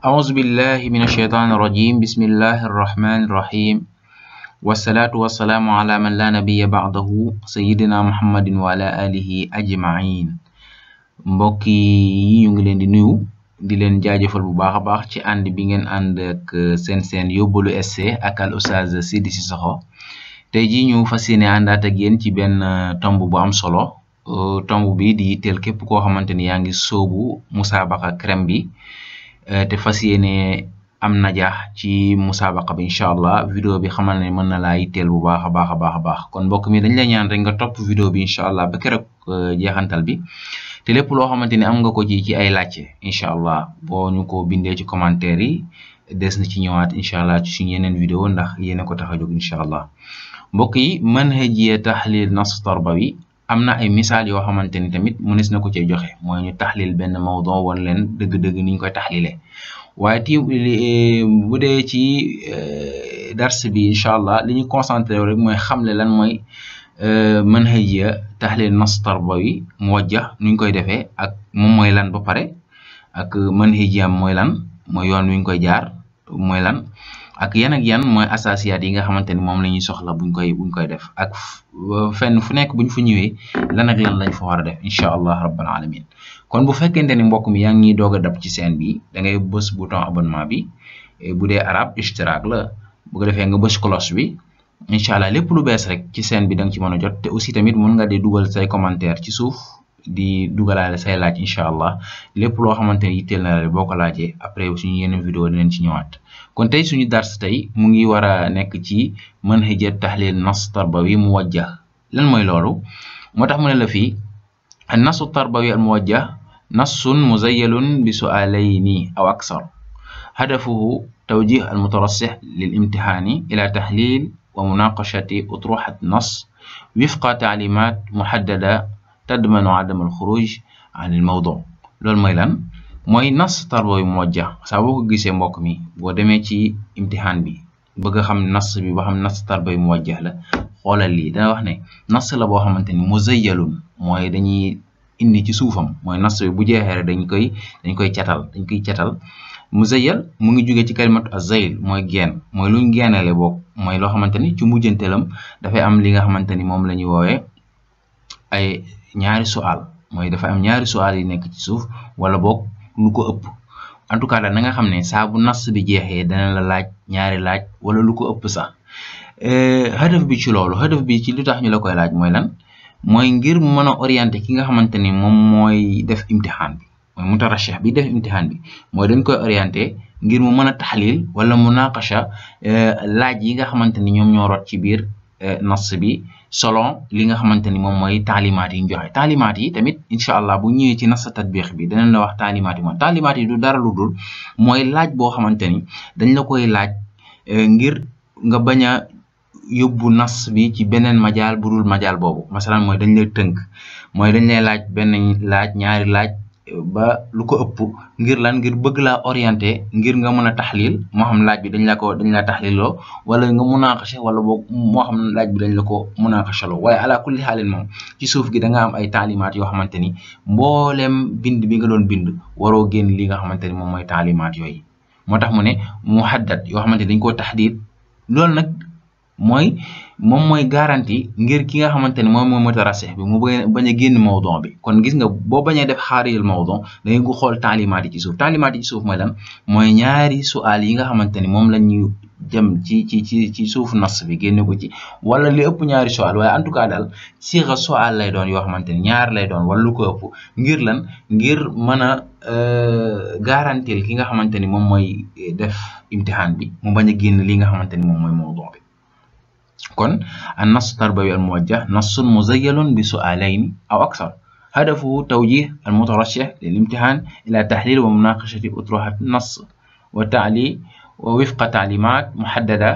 أعوذ بالله من الشيطان الرجيم بسم الله الرحمن الرحيم والصلاة والسلام على من لا نبي بعده سيدنا محمد وعلى آله أجمعين mbokk yi ñu ngi leen di nuyu di leen jaajëfal bu baax a baax ci ànd bi ngeen ànd ak seen seen yóbbalu essai ak al oustaz Sidi Cissokho tey jii ñu fas yéene àndaat ak yéen ci benn tomb bu am solo tomb bi di yitteel képp koo xamante ni yaa ngi sóobu musaabaqa crème bi Eh, te fas yéene am najaax ci musaabaqa bi incha allah vidéo bi xamal ne mën na laa yitteel bu baax a baax a baax a baax kon mbokk mi dañ lay ñaan rek nga topp vidéo bi incha allah ba keroog eh, jeexantal bi te lépp loo xamante ni am nga ko ci ci ay laajte incha allah boo ñu ko bindee ci commentaire yi des na ci ñëwaat incha allah ci yeneen vidéo ndax yéen ko tax a jóg incha allah mbokk yi manhajiya tahlil nas tarbawi am na ay misaal yoo xamante ni tamit mënees na ko cee joxe mooy ñu taxlil benn don woon leen dëgg-dëgg niñ koy taxlilee waaye ti eh, bu dee ci eh, dars bi incha allah li ñu concentré rek mooy xamle lan mooy eh, manhajiya taxlil nas tarbawi muwajjah nuñ koy defee ak moom mooy lan ba pare ak manhajiyaam mooy lan mooy yoon wi ñu koy jaar mooy lan. ak yan ak yan mooy associations yi nga xamante ni moom la ñuy soxla buñ koy buñ koy def ak euh, fenn fu nekk buñ fu ñëwee lan ak lañ fa war a def incha allah rabbal alamin kon bu fekkente ni mbokk mi yaa ngi ñuy doog a dab ci seen bi da ngay bës bouton abonnement bi bu dee arab ishtiraak la bu ko defee nga bës cloche bi incha allah lépp lu bees rek ci seen bi da nga ci mën a jot te aussi tamit mun nga di dugal say commentaire ci suuf. di dugalaale say laaj inshallah lépp lo xamanteni yittel na la boko laaje après suñu yeneen vidéo dinañ ci ñëwaat kon tay suñu dars tay mu ngi wara a nekk ci manhaj at tahlil nass tarbawi muwajjah lan moy lolu motax mu ne la fi fii nasu tarbawi al muwajjah نص مزيل بسؤالين أو أكثر هدفه توجيه المترشح للامتحان إلى تحليل ومناقشة أطروحة نص وفق تعليمات محددة tadmanu adam al xuruj an al mawdu loolu mooy lan mooy nas tarbawi mojja saa boo ko gisee mbokk mi boo demee ci imtixaan bi bëgg xam nas bi ba xam nas tarbo tarbawi mojja la xoolal lii dana wax ne nas la boo xamante ni muzayyalun mooy dañuy indi ci suufam mooy nas bi bu jeexee dañ koy dañ koy catal dañ koy catal muzayyal mu ngi jóge ci kalimatu azayl mooy geen mooy luñ geenale boo mooy loo xamante ni ci mujjanteelam dafay am li nga xamante ni moom lañuy ñuy ñaari sual mooy dafa am ñaari sual yi nekk ci suuf wala boog lu ko ëpp en tout cas daal na nga xam ne saabu bu nas bi jeexee dana la laaj ñaari laaj wala lu ko ëpp sax eh, hadaf bi ci loolu hadaf bi ci lu tax ñu la koy laaj mooy lan mooy ngir mën a orienté ki nga xamante ni moom mooy def imtixaan bi mooy mutarashih bi def imtixaan bi mooy dañ koy orienté ngir mu mën a taxlil wala mu munaqasha eh, laaj yi nga xamante ni ñoom ñoo ci biir eh, nas bi solon li nga xamante ni moom mooy taalimaat yi ñu joxe taalimaat yi tamit incha allah bu ñëwee ci nasa tatbiix bi danañ la wax taalimaat yi moom taalimaat yi du dara lu dul mooy laaj boo xamante ni dañ la koy laaj euh, ngir nga bañ a yóbbu nas bi ci beneen majaal budul majaal boobu masalan mooy dañ lay tënk mooy dañ lay laaj benn laaj ñaari laaj ba lu ko ëpp ngir lan ngir bëgg laa orienté ngir nga mun a taxlil moo xam laaj bi dañ la ko dañ laa taxliloo wala nga munaqashe wala boog moo xam laaj bi dañ la ko munaqashaloo waaye ala kulli xaalin moom ci suuf gi danga am ay taalimaat yoo xamante ni mbooleem bind bi nga doon bind waroo génn li nga xamante ni moom mooy taalimaat yooyu moo tax mu ne muhaddad yoo xamante ni dañ koo taxdiid loolu nag mooy moom mooy garanti ngir ki nga xamante ne moom mooy mutarase bi mu bañ a génn mawdon bi kon gis nga boo bañee def xaariyal mawdon da ko xool taalimaat yi ci suuf taalimaat yi ci suuf mooy lan mooy ñaari su'aal yi nga xamante ni moom la ñuy jëm ci ci ci ci suufu nas bi génne ko ci wala li ëpp ñaari su'aal waaye en tout cas daal sixa su'aal lay doon yoo xamante ni ñaar lay doon wala lu ko ëpp ngir lan ngir mën a euh, garantil ki nga xamante ni moom mooy def imtihaan bi mu bañ a génn li nga xamante ni moom mooy mawdon كن النص التربوي الموجه نص مزيل بسؤالين أو أكثر هدفه توجيه المترشح للامتحان إلى تحليل ومناقشة أطروحة النص وتعلي ووفق تعليمات محددة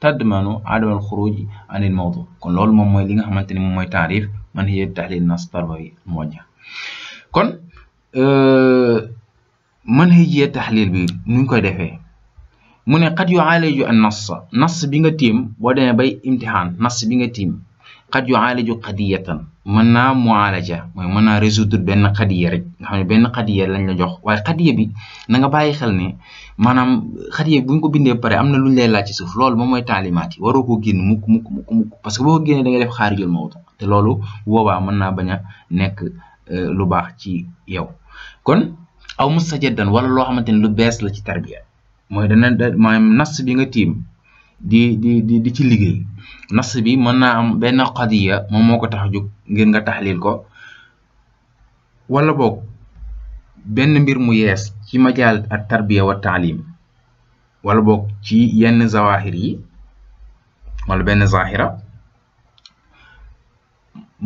تضمن عدم الخروج عن الموضوع كون لول موم موي ليغا خامتاني موم موي تعريف من هي تحليل النص التربوي الموجه كون من هي تحليل بي نكوي ديفه mu ne xat yu aaliju an nas nas bi nga tiim boo demee bay imtixaan nas bi nga tiim xat yu aaliju xadiyatan mën naa mualaja mooy mën naa résoudre benn xadiya rek nga xam ne benn xadiya lañ la jox waaye xadiya bi na nga bàyyi xel ni maanaam xadiya bi bu ñu ko bindee pare am na lu ñu laaj ci suuf loolu moom mooy taalimaat yi waroo koo génn mukk mukk mukk mukk parce que boo ko génnee da nga def xaarijul mawdu te loolu boobaa mën naa bañ a nekk euh, lu baax ci yow kon aw mustajaddan wala loo xamante ne lu bees la ci tarbiya mooy dana maanaam nas bi nga tiim di di ci liggéey nast bi mën naa am benn qadiya moom moo ko tax a jóg ngir nga taxlil ko wala boog benn mbir mu yees ci majaal ak tarbiya wa taalim wala boog ci yenn zawahir yi wala benn zahira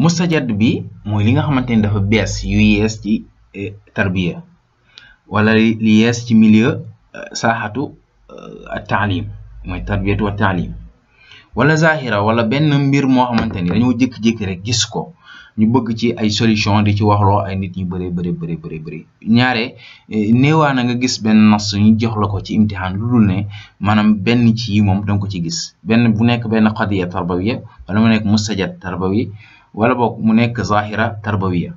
mustajad bi mooy li nga xamante ni dafa bees yu yees ci eh, tarbiya wala li yees ci milieu sahatu at-ta'lim moy tarbiyatu at-ta'lim wala zahira wala ben mbir mo xamanteni dañu jik jik rek gis ko ñu bëgg ci ay solution di ci waxloo ay nit ñu bëré bëré bëré bëré bëré ñaare néewaa na nga gis ben nas ñu jox la ko ci imtihan lu dul ne maanaam benn ci yi mom danga ko ci gis ben bu nekk ben qadiya tarbawiya wala mu nekk mustajad tarbawi wala bok mu nekk zahira tarbawiya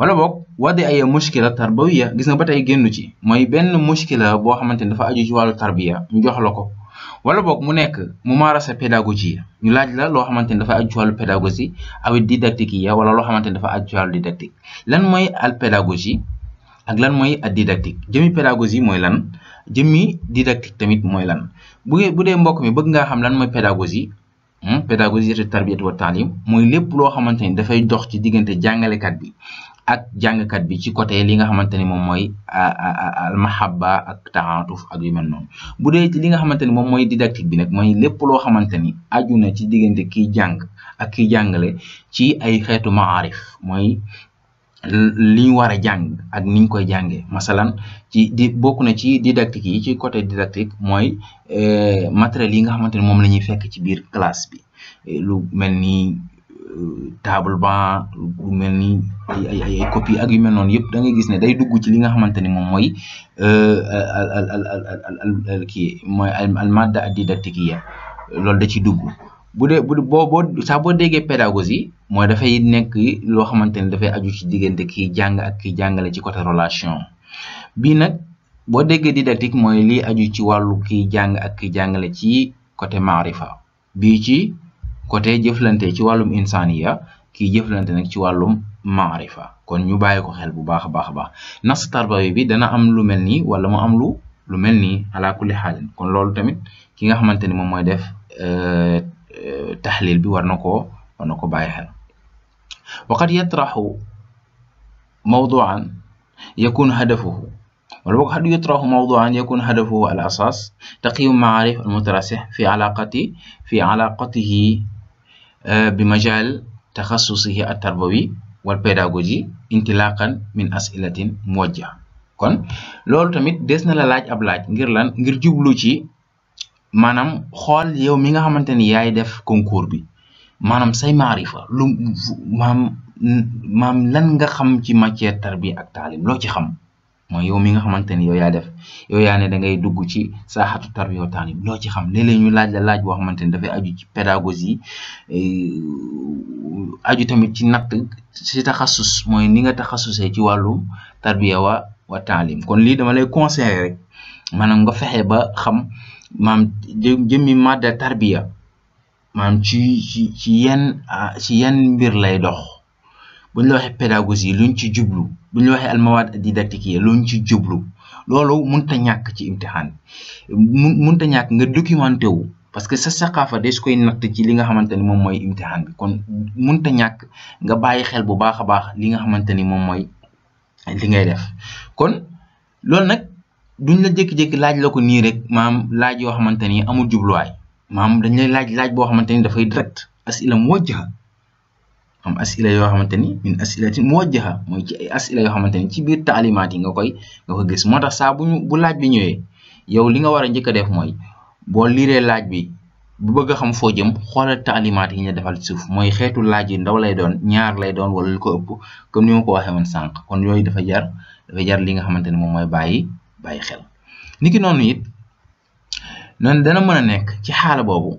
wala boog waddi ay mushkila tarbawiya gis nga ba tey génn ci mooy benn mushkila boo xamante ni dafa aju ci wàllu tarbiya ñu jox la ko wala boog mu nekk mu mumaarasa pédagogie ñu laaj la loo xamante ni dafa aju ci wàllu pédagogie awit didactique yi wala loo xamante ni dafa aju ci wàllu didactique lan mooy al pédagogie ak lan mooy ak didactique jëmi pédagogie mooy lan jëmi didactique tamit mooy lan bu bu dee mbokk mi bëgg ngaa xam lan mooy pédagogie hmm, pédagogie de tarbiyat wa taalim mooy lépp loo xamante ni dafay dox ci diggante jàngalekat bi ak jàngkat bi ci côté li nga xamante ni moom mooy al mahabba ak taatuf ak yu mel noonu bu dee li nga xamante ni moom mooy didactique bi nag mooy lépp loo xamante ni aju na ci diggante kiy jàng ak kiy jàngale ci ay xeetu maarif mooy li ñu war a jàng ak niñ koy jàngee masalan ci di bokk na ci didactique yi ci côté didactique mooy eh, matériel yi nga xamante ni moom lañuy fekk ci biir classe bi eh, lu mel ni table banc lu mel ni ay ay copie ak yu mel noonu yëpp da ngay gis ne day dugg ci li nga xamante ni moom mooy euh, al al al al al kii mooy loolu da ciy dugg bu dee bu boo boo sax boo déggee pédagogie mooy dafay nekk loo xamante ni dafay aju ci diggante kiy jàng ak kiy jàngale ci côté relation bii nag boo déggee didactique mooy liy aju ci wàllu kiy jàng ak kiy jàngale ci côté maarifa bii ci. côté jëflante ci walum insaniya ki jëflante nak ci walum maarifa kon ñu bàyyi ko xel bu baax baax a baax nas tarbawi bi dana am lu melni wala mu am lu lu melni ala kulli hal kon loolu tamit ki nga xamanteni mom moy mooy def tahlil bi war na koo war na ko bàyyi xel waqad yatrahu mawduan yakun hadafuhu wala boog xad yutraxu mawduan yakun hadafuhu al asas taqiyum maarif al mutarasih fi alaqati fi alaqatihi بمجال تخصصه التربوي والبيداغوجي انطلاقا من أسئلة موجهة kon loolu tamit des na la laaj ab laaj ngir lan ngir jublu ci maanaam xool yow mi nga xamante ni yaay def concours bi maanaam say maarifa lu maam lan nga xam ci matière tarbiya ak taalim loo ci xam mooy yow mi nga xamante ni yow yaa def yow yaa ne da ngay dugg ci saaxatu tarbiyataan yi loo ci xam léeg-léeg ñu laaj la laaj boo xamante ni dafay aju ci pédagogie eh, aju tamit ci natt si taxasus mooy ni nga taxasusee ci wàllu tarbiya wa wa taalim kon lii dama lay conseiller rek maanaam nga fexe ba xam maam jëmmi màdda tarbiya maanaam ci ci ci yenn ah, ci yenn mbir lay dox bu ñu la waxee pédagogie luñ ci jublu bu ñu la waxee almawaad didactique yi luñ ci jublu loolu mun ta ñàkk ci imtixaan mun mënut a ñàkk nga documenté wu parce que sa saqaafa des koy natt ci li nga xamante ni moom mooy imtixaan bi kon mënut a ñàkk nga bàyyi xel bu baax a baax li nga xamante ni moom mooy li ngay def kon loolu nag duñ la jékki-jékki laaj la ko nii rek maam laaj yoo xamante ni amul jubluwaay maam dañ lay laaj laaj boo xamante ni dafay direct asilam wajjaha xam asila yoo xamante ni min asilatin muwajjaha mooy ci ay asila yo xamante ni ci biir taalimaat yi nga koy nga ko gis moo tax saa bu bu laaj bi ñëwee yow li nga war a njëkk a def mooy boo liiree laaj bi bu bëgg xam foo jëm xoolal taalimaat yi ñu defal ci suuf mooy xeetu laaj yi ndaw lay doon ñaar lay doon wala ko ëpp comme ni ma ko waxee woon sànq kon yooyu dafa jar jar li nga xamante ni moom mooy bàyyi bàyyi xel niki noonu it noonu mën a nekk ci xaala boobu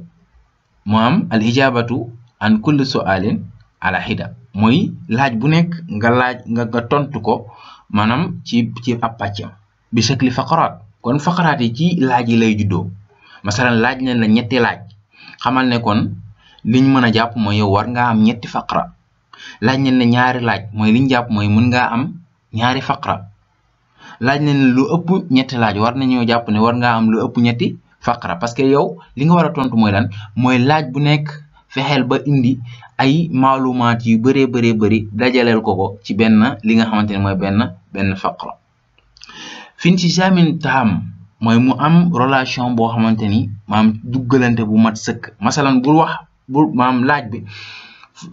mu am al ijabatu an kulli alaxida mooy laaj bu nekk nga laaj nga nga tontu ko maanaam ci ci ab pàccam bi shakli faqaraat kon faqaraat yi ci laaj yi lay juddoo masalan laaj nañ la ñetti laaj xamal ne kon liñ mën a jàpp mooy yow war ngaa am ñetti faqra laaj nañ la ñaari laaj mooy liñ jàpp mooy mën ngaa am ñaari faqra laaj nañ lu ëpp ñetti laaj war nañoo jàpp ne war ngaa am lu ëpp ñetti faqra parce que yow li nga war a tontu mooy lan mooy laaj bu nekk fexeel ba indi ay maalumaat yu bëree bëree bëri dajaleel ko ko ci benn li nga xamante ne mooy benn benn faqra fin ci jamin taam mooy mu am relation boo xamante ni maam duggalante bu mat sëkk masalan bul wax bul maam laaj bi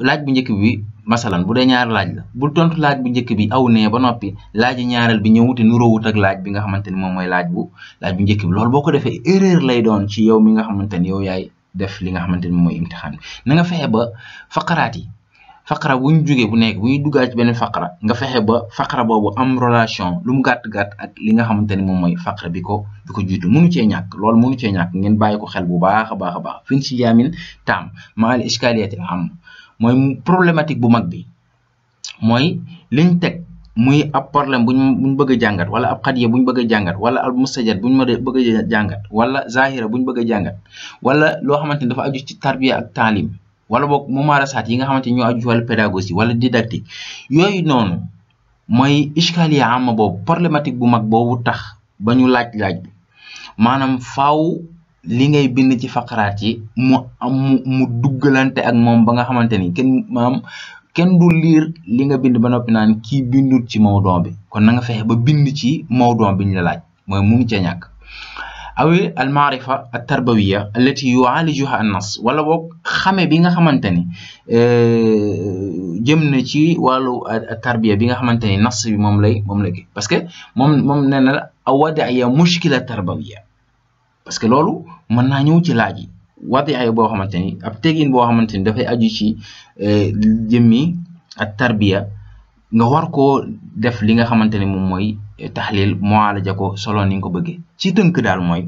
laaj bu njëkk bi masalan bu dee ñaari laaj la bul tontu laaj bu njëkk bi aw nee ba noppi laaj ñaareel bi ñëw te nuroowut ak laaj bi nga xamante ni moom mooy laaj bu laaj bu njëkk bi loolu boo ko defee erreur lay doon ci yow mi nga xamante ni yow yaay def li nga xamante ni mooy imtixaan bi na nga fexe ba faqaraat yi faqara bu jugee bu nekk bu ñu duggaat ci beneen faqara nga fexe ba faqara boobu am relation lu mu gàtt-gàtt ak li nga xamante ni moom mooy faqara bi ko bi ko jiitu mënu cee ñàkk loolu mënu cee ñàkk ngeen bàyyi ko xel bu baax a baax a baax fin si yaamin taam maal iskaliyatil am mooy problématique bu mag bi mooy liñ teg muy ab problème buñ buñ bëgg jàngat wala ab xadiya buñ bëgg a jàngat wala al mustajad bu mën a bëgg jàngat wala zahira buñ bëgg a jàngat wala loo xamante ni dafa aju ci tarbiya ak taalim wala boog mumaarasaat yi nga xamante ni ñoo aju ci wàllu pédagogie wala didactique yooyu noonu mooy iskaliya ama boobu problématique bu mag boobu tax ba ñu laaj-laaj bi maanaam faaw li ngay bind ci faqaraat yi mu am mu duggalante ak moom ba nga xamante ni kenn maam kenn du liir li nga bind ba noppi naan kii bindul ci mawdon bi kon na nga fexe ba bind ci mawdon bi ñu la laaj mooy munu ca ñàkk awi al maarifa al tarbawiya allati yuaalijuha an nas wala book xamee bi nga xamante ni euh, jëm na ci wàllu tarbiya bi nga xamante ni nas bi moom lay moom lay parce que moom moom nee na la awadiya mushkila tarbawiya parce que loolu mën naa ñëw ci laaj yi wati ay bo xamanteni ab tegin bo xamanteni da fay aju ci eh, jëmmi ak tarbiya nga war ko def li nga xamanteni mom moy eh, tahlil mualaja ko solo ni nga bëgge ci teunk dal moy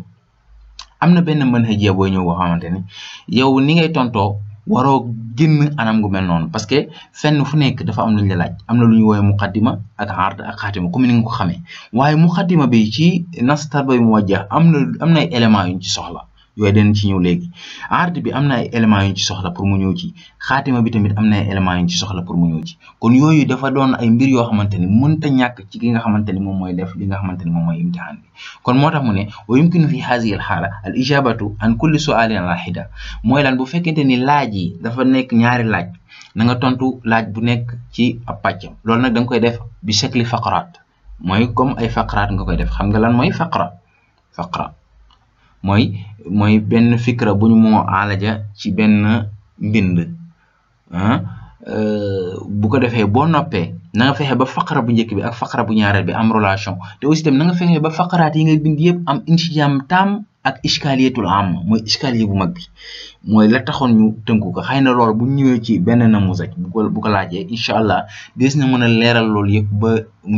amna benn manhaj ya bo ñu boo xamanteni yow ni ngay tonto waro genn anam gu mel non parce que fenn fu nek dafa am luñu la laaj amna luñu lu muqaddima ak ard ak khatima comme ni nga ko xamé waye muqaddima bi ci nastar bay mu amna ay éléments yu ci soxla yooyu danañ ci ñëw léegi art bi am na ay éléments yuñ ci soxla pour mu ñëw ci xaatima bi tamit am na ay éléments ci soxla pour mu ñëw ci kon yooyu dafa doon ay mbir yoo xamante ni ta ñàkk ci ki nga xamante ni moom mooy def li nga xamante moom mooy imtihaan bi kon moo tax mu ne wa yumkinu fi hazihi al xaala al ijabatu an kulli sualin ala xida mooy lan bu fekkente ni laaj yi dafa nekk ñaari laaj na nga tontu laaj bu nekk ci ab pàccam loolu nag da nga koy def bi shakli faqaraat mooy comme ay faqaraat nga koy def xam nga lan mooy faqra faqra mooy mooy benn fikra bu ñu moo alaja ci benn mbind ah, euh, bu ko defee boo noppee na nga fexe ba faqara bu njëkk bi ak faqara bu ñaareel bi am relation te aussi tamit na ba faqaraat nga bind yëpp am insijam tam ak iskaliyatul am mooy iskaliya bu mag bi mooy la taxoon ñu tënku ko xëy na lool bu ñëwee ci benn namusaj bu ko bu ko laajee incha allah des na mën a leeral loolu yëpp ba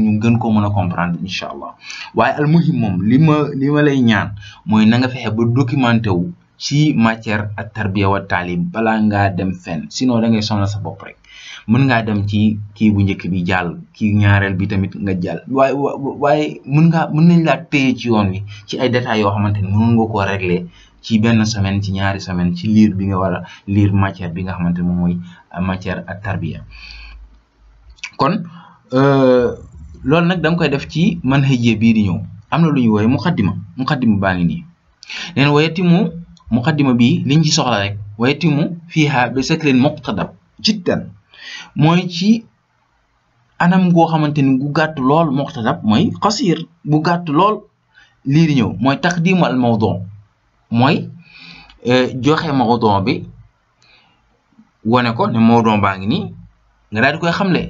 ñu gën ko mën a comprendre incha allah waaye almuhim moom li ma li ma lay ñaan mooy na nga fexe ba documenté si ci matière ak tarbiya wa taalim balaa ngaa dem fenn sinon da ngay sonal sa bopp rek. mën nga dem ci kii bu njëkk bi jàll ki ñaareel bi tamit nga jàll waaye waaye mën ngaa mën nañ laa téye ci yoon wi ci ay détails yoo xamante ni mënoon nga koo régler ci benn semaine ci ñaari semaine ci liir bi nga war a liir matière bi nga xamante ni moom mooy euh, matière ak tarbiya kon euh, loolu nag da nga koy def ci man xëjee bii di ñëw am na lu ñu wooye muqaddima muqaddima baa ngi nii neen wayetimu muqaddima bi liñ ci soxla rek wayetimu fiiha bi saklin muqtadab jiddan mooy ci anam goo xamante ni gu gàtt lool muxtasab mooy xasiir bu gàtt lool lii di mooy taqdimu al mawdu mooy e, joxe ma mawdu bi wane ko ne mawdu baa ngi ni nga daal di koy xamle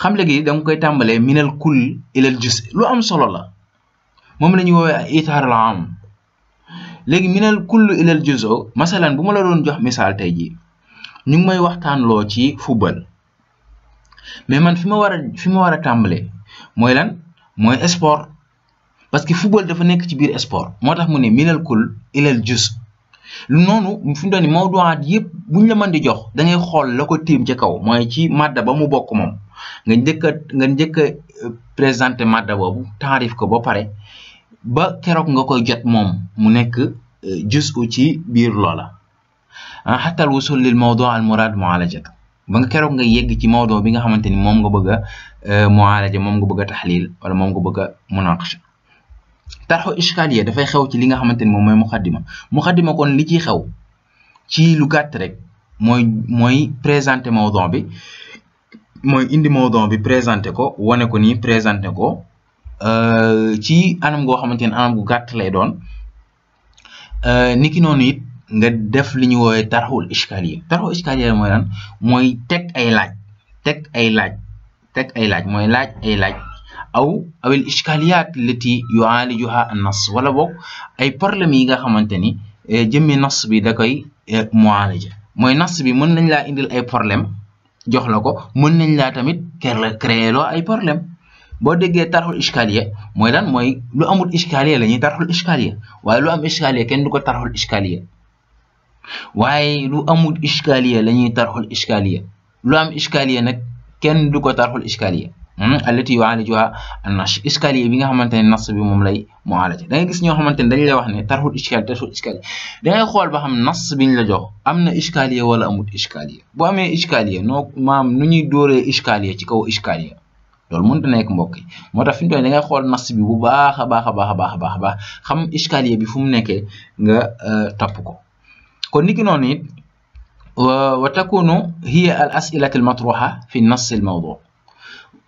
xamle gi da nga koy tàmbalee minal kull ilal jus lu am solo la moom la ñuy woowee ay itaar al am léegi minal kull ilal jus masalan bu ma la doon jox misaal tey jii ñu ngi may waxtaanloo ci football mais man fi ma war a fi ma war a tàmbalee mooy lan mooy sport parce que football dafa nekk ci biir sport moo tax mu ne minal kul ilal jus lu noonu fi mu doon mawduwaat yëpp buñ la mën di jox da ngay xool la ko tiim ca kaw mooy ci madda ba mu bokk moom nga njëkk nga njëkk a euh, présenté madda boobu taarif ko ba pare ba keroog nga koy jot moom mu nekk euh, jus u ci biir loola. حتى الوصول للموضوع المراد معالجته ba nga keroog nga yegg ci mawdoo bi nga xamante ni moom nga bëgg a muaalaja moom nga bëgg a taxlil wala moom nga bëgg a munaqasha tarxu ishkaliya dafay xew ci li nga xamante ni moom mooy muqaddima muqaddima kon li ciy xew ci lu gàtt rek mooy mooy présenter mawdoo bi mooy indi mawdoo bi présenter ko wane ko nii présenter ko ci anam goo xamante ni anam gu gàtt lay doon niki noonu it nga def li ñu woowee tarxul iskaliya tarxul iskaliya mooy lan mooy teg ay laaj teg ay laaj teg ay laaj mooy laaj ay laaj aw awil iskaliyaat lati yuaalijuha nas wala boog ay problème yi nga xamante ni eh, jëmmi nas bi da koy eh, mualaja mooy nas bi mën nañ laa indil ay problème jox la ko mën nañ laa tamit créer loo ay problème boo déggee tarxul iskaliya mooy lan mooy lu amul iskaliya la ñuy tarxul iskaliya waaye lu am iskaliya kenn du ko tarxul iskaliya waaye lu amul iskaliya la ñuy tarxul iskaliya lu am iskaliya nag kenn du ko tarxul iskaliya hmm? allati yu'alajuha an-nash iskaliya bi nga xamante ne nas bi moom lay mu'alaja da ngay gis ñoo xamante ne dañ lay wax ne tarxul iskaliya tarxul iskaliya da ngay xool ba xam nas biñ la jox am na iskaliya wala amul iskaliya bu amee iskaliya noo maam nu ñuy dóoree iskaliya ci kaw iskaliya loolu mënut ta nekk mbokk yi moo tax fi mu da ngay xool nas bi bu baax a baax a baax a baax a baax xam iskaliya bi fu mu nekkee nga euh, topp ko kon niki noonu it wa takunu hiya al asilatu al matruha fi nas al mawdu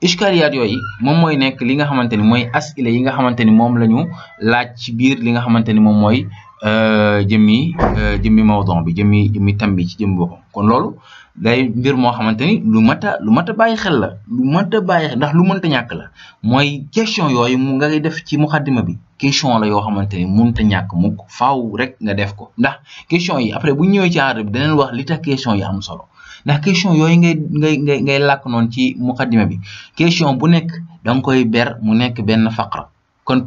ishkaliyaat yooyu moom mooy nekk li nga xamante ni mooy asila yi nga xamante ni moom la ñu laaj ci biir li nga xamante ni moom mooy euh, jëmmi euh, jëmmi mawdu bi jëmmi jëmmi tam bi ci jëmmi kon loolu day mbir moo xamante ni lu mat a lu mat a bàyyi xel la lu mat a xel ndax lu mënta ñàkk la mooy question yooyu mu ngay def ci muxaddima bi question la yoo xamante ni mënta ñàkk mu faw rek nga def ko ndax question yi après bu ñëwee ci aada bi deneen wax li tax question yi am solo ndax question yooyu ngay ngay ngay làkk noonu ci muxaddima bi question bu nekk da nga koy ber mu nekk benn faqra kon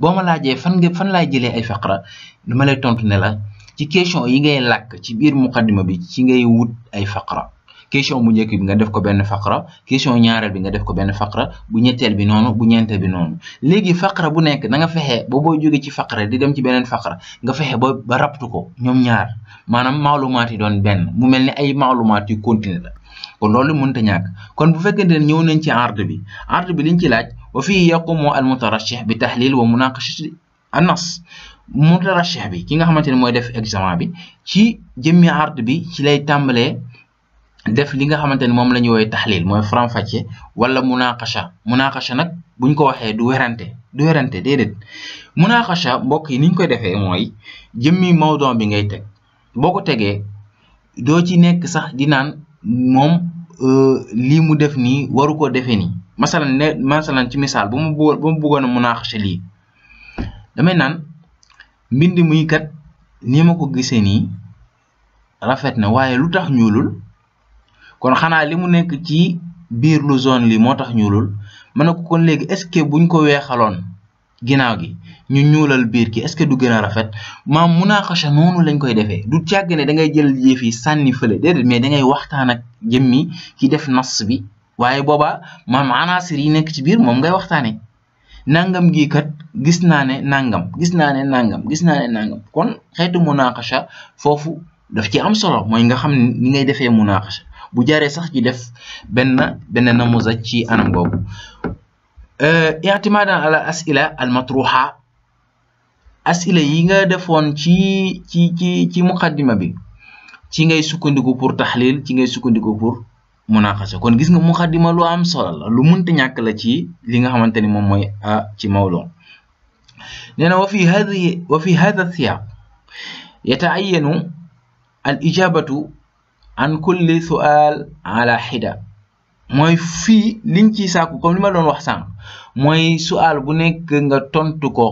boo ma laajee fan nga fan laay jëlee ay faqra ma lay tontu ne la. ci question yi ngay làkk ci biir muqaddima bi ci ngay wut ay faqra question bu njëkk bi nga def ko benn faqra question ñaareel bi nga def ko benn faqra bu ñetteel bi noonu bu ñeenteel bi noonu léegi faqra bu nekk na nga fexe ba boo jóge ci faqra di dem ci beneen faqra nga fexe ba ba rabtu ko ñoom ñaar maanaam maalumaat yi doon benn mu mel ni ay maalumaat yu continue la kon loolu mënta ñàkk kon bu fekkente ne ñëw nañ ci ard bi ard bi liñ ci laaj wa fii yaqumu al mutarashih bi tahlil wa munaqashati an nas mutarashih bi ki nga xamante ne mooy def examen bi ci jëmmi ard bi ci lay tàmbalee def li nga xamante ne moom la ñuy woowee taxlil mooy faram-fàcce wala munaqasha munaqasha nag buñ ko waxee du werante du werante déedéet munaqasha mbokk yi niñ koy defee mooy jëmmi mawdon bi ngay teg boo ko tegee doo ci nekk sax di naan moom euh, lii mu def nii waru ko defee nii masalan ne masalan ci misaal ba mu bu ma bëggoon a munaqasha lii damay naan mbind muy kat ni ma ko gisee nii rafet na waaye lu tax ñuulul kon xanaa li mu nekk ci biir lu zone li moo tax ñuulul ma ne ko kon léegi est-ce buñ ko weexaloon ginnaaw gi ñu ñuulal biir gi est-ce que du gën a rafet maam munaaxasha noonu lañ koy defee du càgg ne da ngay jël yëf yi sànni fële mais da ngay waxtaan ak jëmmi ki def nas bi waaye booba maam anaasir yi nekk ci biir moom ngay waxtaanee. nangam gii kat gis naa ne nangam gis naa ne nangam gis naa ne nangam kon xeetu munaqasha foofu daf ci am solo mooy nga xam ni ngay defee munaqasha bu jaree sax ci def benn benn namuza ci anam googu eh, i'timadan ala asila al matruha asila yi nga defoon ci ci ci ci muqaddima bi ci ngay sukkandiku pour taxlil ci ngay sukkandiku pour munaqasha kon gis nga muqaddima lu am solo la lu mënta ñàkk la ci li nga xamante ni moom mooy ci mawdu nee na wa fi hadihi wa fi hada siyaq yataayanu al ijabatu an kulli sual ala xida mooy fii liñ ci sàkku comme li ma doon wax sànq mooy sual bu nekk nga tontu ko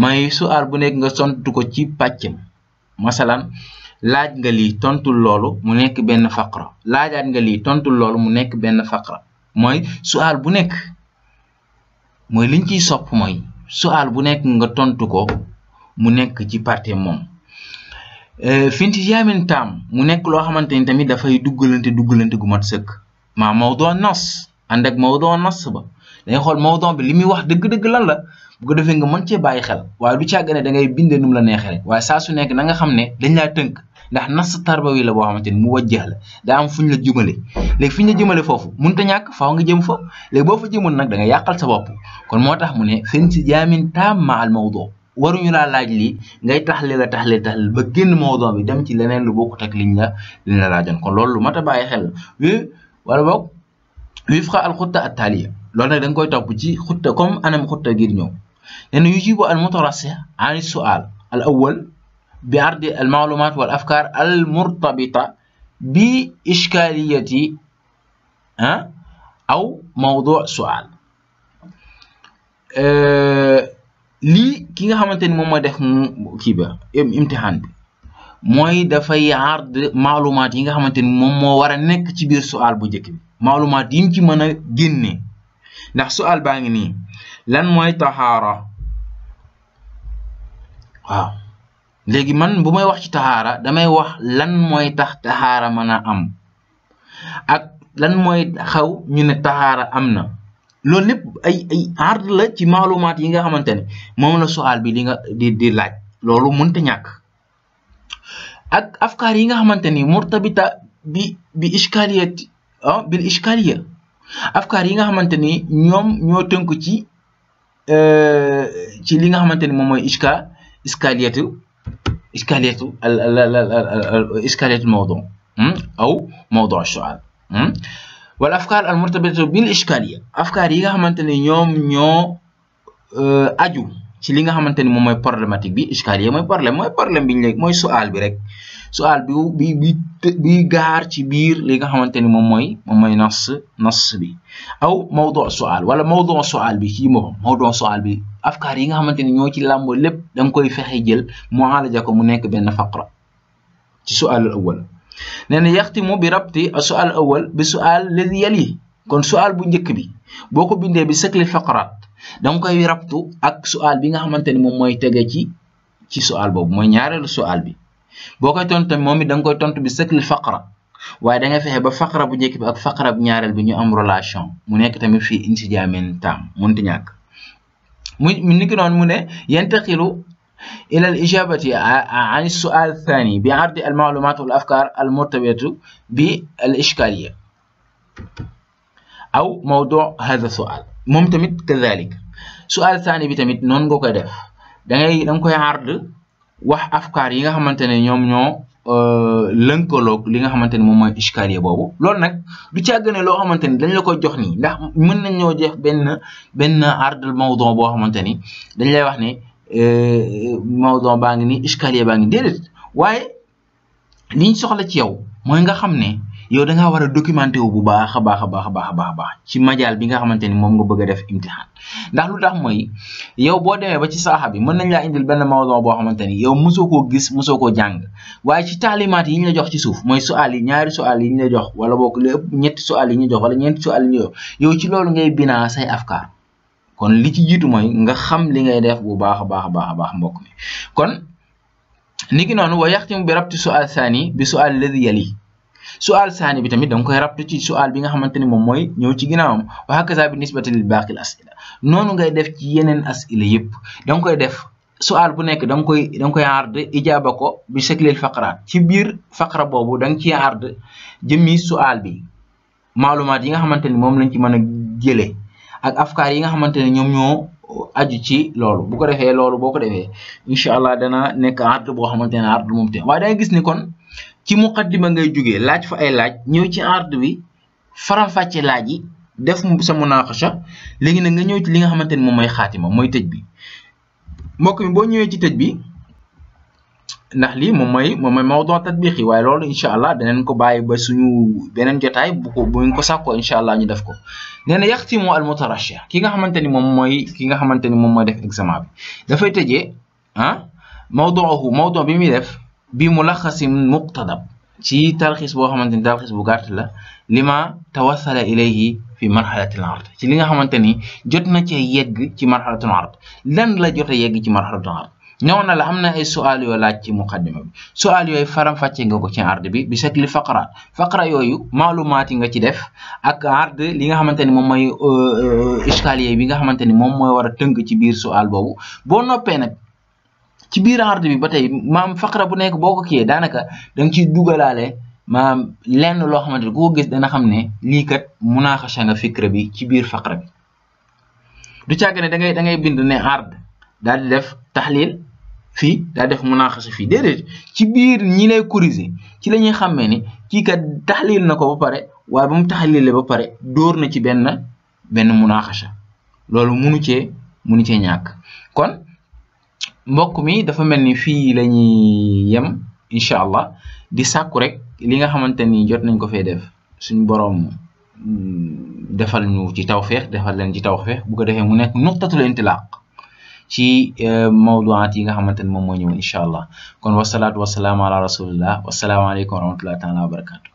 mooy sual bu nekk nga tontu ko ci pàccam masalan laaj nga li tontul loolu mu nekk benn faqra laajaat nga li tontul loolu mu nekk benn faqra mooy su'aal bu nekk mooy liñ ciy sopp mooy su'aal bu nekk nga tontu ko mu nekk ci partie moom. Euh, finti yaamin taam mu nekk loo xamante ni tamit dafay duggalante duggalante gu mat sëkk maa mawdoo nas ànd ak mawdoo nas ba dangay xool mawdoo bi li muy wax dëgg-dëgg lan la. bu defee nga man cee bàyyi xel waaye du càgg ne da ngay bindee num la neexee waaye saa su nekk na nga xam ne dañ laa tënk ndax nas tarbawi la bo xamanteni mu wajjeh la da am fuñ la jumale leg fiñ la jumale fofu mën ta ñak faaw nga jëm fa leg bo fa jëmoon nak da nga yakal sa bop kon motax mu ne fen ci jamin taam ma al waru ñu la laaj li ngay taxlil a taxlil taxlil ba génn mawdu bi dem ci leneen lu bokkut ak liñ la liñ la laajoon kon loolu mata baye xel wi wala boog wifqa al khutta at taliya loolu nak da nga koy top ci khutta comme anam khutta ngir ñëw nee yujibu al mutarassih an sual al awwal بعرض المعلومات والأفكار المرتبطة بإشكالية أو موضوع سؤال آه، لي كيغا خامتاني موما داف كيبا امتحان بي موي دا فاي عرض معلومات ييغا خامتاني موم مو ورا نيك سي بير سؤال بو جيك معلومات ييم سي مانا генي نдах سؤال باغي ني لان موي طهاره واو léegi man bu may wax ci tahara damay wax lan moy tax tahara mana am ak lan moy xaw ñu ne tahara amna lool lepp ay ay ard la ci maalumaat yi nga xamantene mom la sual bi li nga di di laaj loolu ta ñak ak afkar yi nga xamantene murtabita bi bi iskaliyat ah bil iskaliya, afkar yi nga xamantene ñom ñoo tënku ci eh, ci li nga xamantene mom moy iska إشكالية إشكالية الموضوع أو موضوع السؤال والأفكار المرتبطة بالإشكالية أفكار yi nga xamante ne ñoom ñoo aju ci li nga xamante ni moom mooy problématique bi iskaliya mooy problème mooy problème bi ñu léegi mooy soal bi rek soal bi bi bi bi gaar ci biir li nga xamante ni moom mooy moom mooy nas nas bi aw mawdu soal wala mawdu soal bi kii moom mawdu soal bi afkaar yi nga xamante ni ñoo ci làmboo lépp da koy fexe jël mu alaja ko mu nekk benn faqra ci su'aalul awwal nee na yaxtimu bi rabti su'aal awwal bi su'aal ladi yali kon su'aal bu njëkk bi boo ko bindee bi sëkli faqraat da koy rabtu ak su'aal bi nga xamante ni moom mooy tege ci ci su'aal boobu mooy ñaareelu su'aal bi boo koy tontu moom it da nga koy tontu bi sëkli faqra waaye da fexe ba faqra bu njëkk bi ak faqra bu ñaareel bi ñu am relation mu nekk tamit fii insijaamin taam mënut ñàkk. من niki noon mu ينتقل إلى الإجابة عن السؤال الثاني بعرض المعلومات والأفكار المرتبطة بالإشكالية أو موضوع هذا السؤال ممتمت كذلك سؤال ثاني بتمت نونغو كدف دعي نكوي عرض wax afkaar yi nga xamante ne Euh, lënkaloog li nga xamante ni moom mooy iskaliya boobu loolu nag du càgg ne loo xamante ni dañ la koy jox nii ndax mën nañ ñoo jeex benn benn ardal mawdon boo xamante ni dañ lay wax ne euh, mawdon baa ngi ni iskaliya baa ngi déedéet waaye liñ soxla ci yow moy nga xam ne yow da ngaa war a documenté wu bu baax a baax a baax a baax a baax ci majaal bi nga xamante ni moom nga bëgg a def imtixaan ndax lu tax mooy yow boo demee ba ci saaxa bi mën nañ laa indil benn mawduu boo xamante ni yow mosoo koo gis mosoo koo jàng waaye ci taalimaat yi ñu jox ci suuf mooy sual yi ñaari sual yi ñu la jox wala boog lépp ñetti sual yi ñu jox wala ñeenti sual yi ñu jox yow ci loolu ngay binaa say afkaar kon li ci jiitu mooy nga xam li ngay def bu baax a baax a baax a baax mbokk mi kon niki noonu wa yaxtimu bi rabti sual saani bi sual ladi yali su'aal saani bi tamit da nga koy rabtu ci su'aal bi nga xamante ni moom mooy ñëw ci ginnaawam wa hakaza bi nisbati lil as'ila noonu ngay def ci yeneen as'ila yëpp da koy def su su'aal bu nekk da koy da nga koy ard ijaaba ko bi shaklil faqraat ci biir faqra boobu da nga ciy ard jëmmi su'aal bi maalumaat yi nga xamante ni moom lañ ci mën a jëlee ak afkaar yi nga xamante ne ñoom ñoo aju ci loolu bu ko defee loolu boo ko defee incha allah dana nekk ard boo xamante ne ard ci muqaddima ngay jógee laaj fa ay laaj ñëw ci ard bi faram-fàcce laaj yi def sa munaqasha léegi nag nga ñëw ci li nga xamante ni moom mooy xaatima mooy tëj bi mbokk mi boo ñëwee ci tëj bi ndax lii moom mooy moom mooy mawdu tatbiqi waaye loolu incha allah danañ ko bàyyi ba suñu beneen jotaay bu ko buñ ko sàkkoo incha allah ñu def ko nee na yaxtimu al mutarashih ki nga xamante ni moom mooy ki nga xamante ni moom mooy def examen bi dafay tëje ah mawduuhu mawdu bi muy def bi mulaxasin muqtadab ci tarxiis boo xamante ni tarxiis bu gàtt la lima tawassala ilayhi fi marxalatil ard ci li nga xamante ni jot na cee yegg ci marxalatul ard lan la jot a yegg ci marxalatul ard ñëw na la am na ay su'aal yoo laaj ci muqaddima bi su'aal yooyu faram fàcce nga ko ci ard bi bi sekk li faqra faqra yooyu maalumaat yi nga ci def ak ard li nga xamante ni moom mooy euh, euh, iskaliye bi nga xamante ni moom mooy war a tënk ci biir su'aal boobu boo noppee nag ci biir ard bi ba tey maam faqra bu nekk boo ko kiyee daanaka da nga ciy dugalaale maam lenn loo xamante ne ku ko gis dana xam ne lii kat munaaxasha nga fikra bi ci biir faqra bi du càgg ne da ngay da ngay bind ne ard daal di def taxlil fii daal def munaaxasa fii déedéet ci biir ñi lay corriger ci la ñuy xàmmee ni kii kat taxlil na ko ba pare waaye ba mu taxlilee ba pare dóor na ci benn benn munaaxasa loolu munu cee munu cee ñàkk kon mbokk mi dafa mel ni fii la ñuy yem incha allah di sàkku rek li nga xamante ni jot nañ ko fee def suñu borom mm, defal ñu ci tawféex defal leen ci tawféex bu ko defee mu nekk nuqtatul intilaaq ci e, mawduwaat yi nga xamante ni moom moo ñëw incha allah kon wasalaatu wasalaamu ala rasulillah wasalaamaaleykum wa rahmatullahi taala wa barakatu